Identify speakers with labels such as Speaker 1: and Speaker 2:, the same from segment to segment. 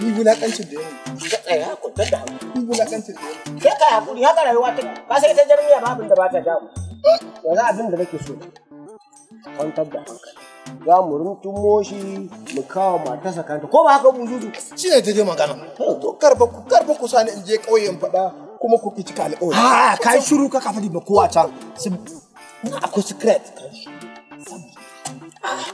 Speaker 1: ni wulakancin da yayi ka tsaya kwantar da hankali ni wulakancin da yayi sai ka hakuri haka rayuwa ta ka sai ta jarmiya ba abin da ba ta jamu yanzu abin da nake so kwantar da hankali za mu runtumo shi mu kawo matarsa kanta ko ba haka buzuzu shi ne ta je magana to karba ku karba ku sani in je ƙauye in faɗa kuma ku ki k'a alƙawari ha kai shiru ka ka faɗi ba kowa can na akwai secret ah.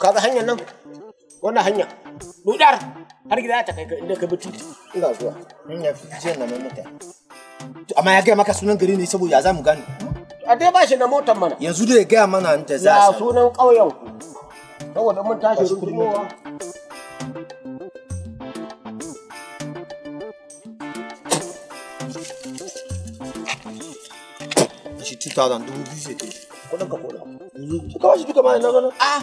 Speaker 1: kaga hanyar nan wannan hanya Dudar har gida ta kai inda ka bi Ina zuwa. Nan ya fi jiya na mota. To amma ya gaya maka sunan gari ne saboda za mu gane. A dai ba shi da motar mana. Yanzu ya gaya mana an ta za. Ya sunan ƙauyen Saboda mun tashi rukunowa. Shi 2000 dubu biyu ce. Kuɗin ka kuɗa. Ka shi duka ma na gano. Ah!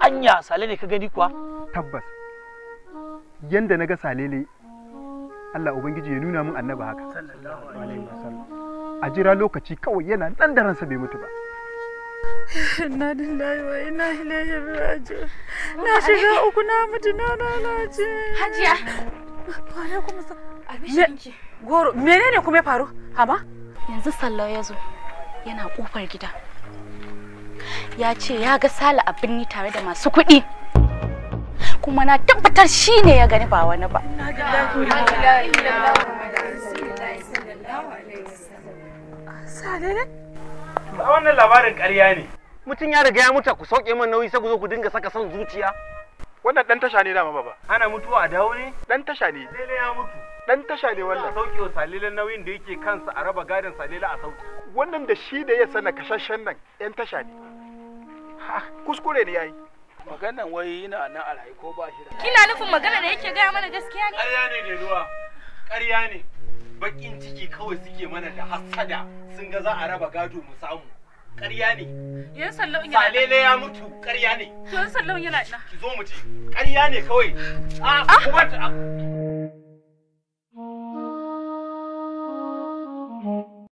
Speaker 1: anya sale ne ka gani kuwa tabbas yanda na ga salele Allah ubangiji ya nuna min annabi haka sallallahu alaihi wasallam a jira lokaci kawai yana dan da ransa bai mutu ba Inna lillahi wa inna ilaihi raji'un. Na shiga uku na mutu na na na ji Hajiya. Wa alaikum abishinki. Goro, menene kuma ya faru? Hama? Yanzu Sallau ya zo. Yana kofar gida. ya ce ya ga sala a ni tare da masu kuɗi kuma na tabbatar shi ne ya gani ba wani ba wannan labarin ƙarya ne mutum ya riga ya mutu ku sauke min nauyi sai ku zo ku dinga saka son zuciya wannan dan tasha ne dama baba ana mutuwa a dawo ne dan tasha ne lele ya mutu dan tasha ne wannan sauke wa salilan nauyin da yake kansa a raba gadon salila a sauki wannan da shi da ya sana kashashen nan yan tasha ne kuskure ne yayi maganan wai yana nan a rayu ko ba shi da kina nufin magana da yake gaya mana gaskiya ne ƙarya ne da ruwa ƙarya ne bakin ciki kawai suke mana da hassada sun ga za a raba gado mu samu ƙarya ne yan sallau yana salele ya mutu ƙarya ne yan sallau yana ina ki zo mu ci ƙarya ne kawai a ah, ah! kuma